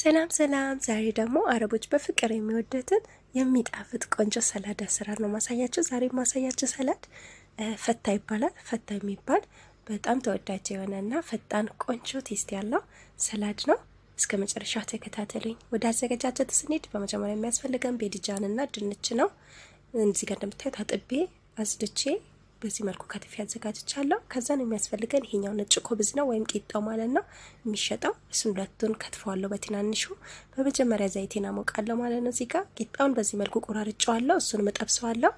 ሰላም ሰላም! ዛሬ ደግሞ አረቦች በፍቅር የሚወደትን የሚጣፍጥ ቆንጆ ሰላድ አሰራር ነው ማሳያቸው። ዛሬ ማሳያቸው ሰላድ ፈታ ይባላል። ፈታ የሚባል በጣም ተወዳጅ የሆነ እና ፈጣን ቆንጆ ቴስት ያለው ሰላድ ነው። እስከ መጨረሻ ተከታተሉኝ። ወደ አዘገጃጀት ስንሄድ በመጀመሪያ የሚያስፈልገን ቤድጃን እና ድንች ነው። እዚህ ጋር እንደምታዩት አጥቤ አዝድቼ በዚህ መልኩ ከትፌ አዘጋጅቻለሁ። ከዛን የሚያስፈልገን ይሄኛው ነጭ ኮብዝ ነው ወይም ቂጣው ማለት ነው የሚሸጠው። እሱን ሁለቱን ከትፈዋለሁ በትናንሹ። በመጀመሪያ ዘይቴን አሞቃለሁ ማለት ነው። እዚህ ጋር ቂጣውን በዚህ መልኩ ቆራርጫዋለሁ። እሱን እጠብሰዋለሁ።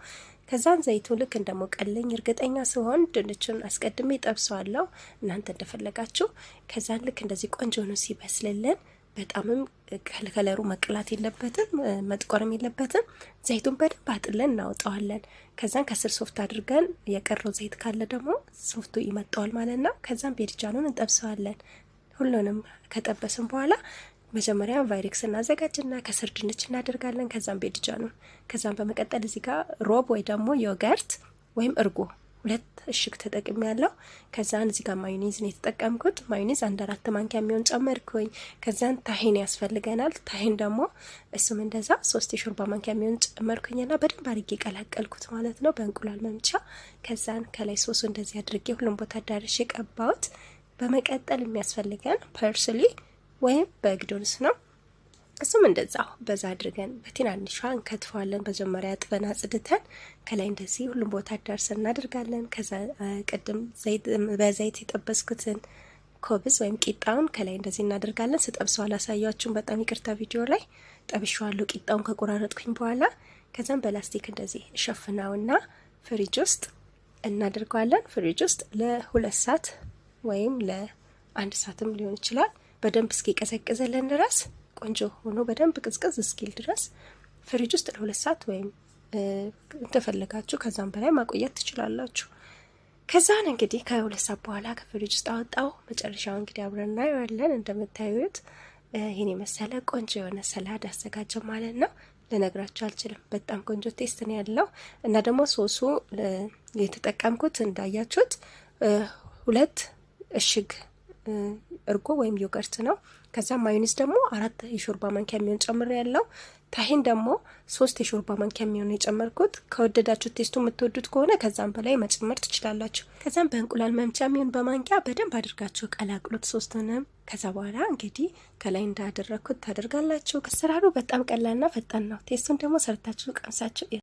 ከዛን ዘይቱ ልክ እንደሞቀልኝ እርግጠኛ ስሆን ድንቹን አስቀድሜ ጠብሰዋለሁ። እናንተ እንደፈለጋችሁ። ከዛን ልክ እንደዚህ ቆንጆ ነው ሲበስልልን በጣምም ከለሩ መቅላት የለበትም መጥቆርም የለበትም። ዘይቱን በደንብ አጥለን እናወጣዋለን። ከዛን ከስር ሶፍት አድርገን የቀረው ዘይት ካለ ደግሞ ሶፍቱ ይመጣዋል ማለት ነው። ከዛን ቤድጃኑን እንጠብሰዋለን። ሁሉንም ከጠበስን በኋላ መጀመሪያ ቫይሬክስ እናዘጋጅና ከስር ድንች እናደርጋለን። ከዛም ቤድጃኑን ከዛም በመቀጠል እዚህ ጋር ሮብ ወይ ደግሞ ዮገርት ወይም እርጎ ሁለት እሽግ ተጠቅሜ ያለው ከዛን እዚህ ጋር ነው የተጠቀምኩት ማዮኔዝ አንድ አራት ማንኪያ የሚሆን ጨመርኩኝ። ከዛን ታሂን ያስፈልገናል። ታሂን ደግሞ እሱም እንደዛ ሶስት የሾርባ ማንኪያ የሚሆን ጨመርኩኝና በደንብ አድርጌ ቀላቀልኩት ማለት ነው በእንቁላል መምቻ። ከዛን ከላይ ሶሱ እንደዚህ አድርጌ ሁሉም ቦታ ዳርሽ የቀባሁት። በመቀጠል የሚያስፈልገን ፐርስሊ ወይም በግዶንስ ነው። እሱም እንደዛው በዛ አድርገን በትናንሿ እንከትፈዋለን። መጀመሪያ አጥበን አጽድተን ከላይ እንደዚህ ሁሉም ቦታ ደርሰን እናደርጋለን። ከዛ ቅድም በዘይት የጠበስኩትን ኮብዝ ወይም ቂጣውን ከላይ እንደዚህ እናደርጋለን። ስጠብሰው አላሳያችሁም፣ በጣም ይቅርታ። ቪዲዮ ላይ ጠብሸዋለሁ ቂጣውን ከቆራረጥኩኝ በኋላ። ከዛም በላስቲክ እንደዚህ እሸፍናውና ፍሪጅ ውስጥ እናደርገዋለን። ፍሪጅ ውስጥ ለሁለት ሰዓት ወይም ለአንድ ሰዓትም ሊሆን ይችላል በደንብ እስኪቀዘቅዘልን ድረስ ቆንጆ ሆኖ በደንብ ቅዝቅዝ እስኪል ድረስ ፍሪጅ ውስጥ ለሁለት ሰዓት ወይም እንደፈለጋችሁ ከዛም በላይ ማቆየት ትችላላችሁ። ከዛን እንግዲህ ከሁለት ሰዓት በኋላ ከፍሪጅ ውስጥ አወጣው። መጨረሻው እንግዲህ አብረን እናየዋለን። እንደምታዩት ይህን የመሰለ ቆንጆ የሆነ ሰላድ አዘጋጀው ማለት ነው። ልነግራችሁ አልችልም። በጣም ቆንጆ ቴስት ነው ያለው እና ደግሞ ሶሱ የተጠቀምኩት እንዳያችሁት ሁለት እሽግ እርጎ ወይም ዮገርት ነው። ከዛ ማዩኒስ ደግሞ አራት የሾርባ ማንኪያ የሚሆን ጨምር ያለው ታሂን ደግሞ ሶስት የሾርባ ማንኪያ የሚሆን የጨመርኩት። ከወደዳችሁ ቴስቱ የምትወዱት ከሆነ ከዛም በላይ መጨመር ትችላላችሁ። ከዛም በእንቁላል መምቻ የሚሆን በማንኪያ በደንብ አድርጋችሁ ቀላቅሎት ሶስቱንም። ከዛ በኋላ እንግዲህ ከላይ እንዳደረግኩት ታደርጋላችሁ። አሰራሩ በጣም ቀላልና ፈጣን ነው። ቴስቱን ደግሞ ሰርታችሁ ቀምሳችሁ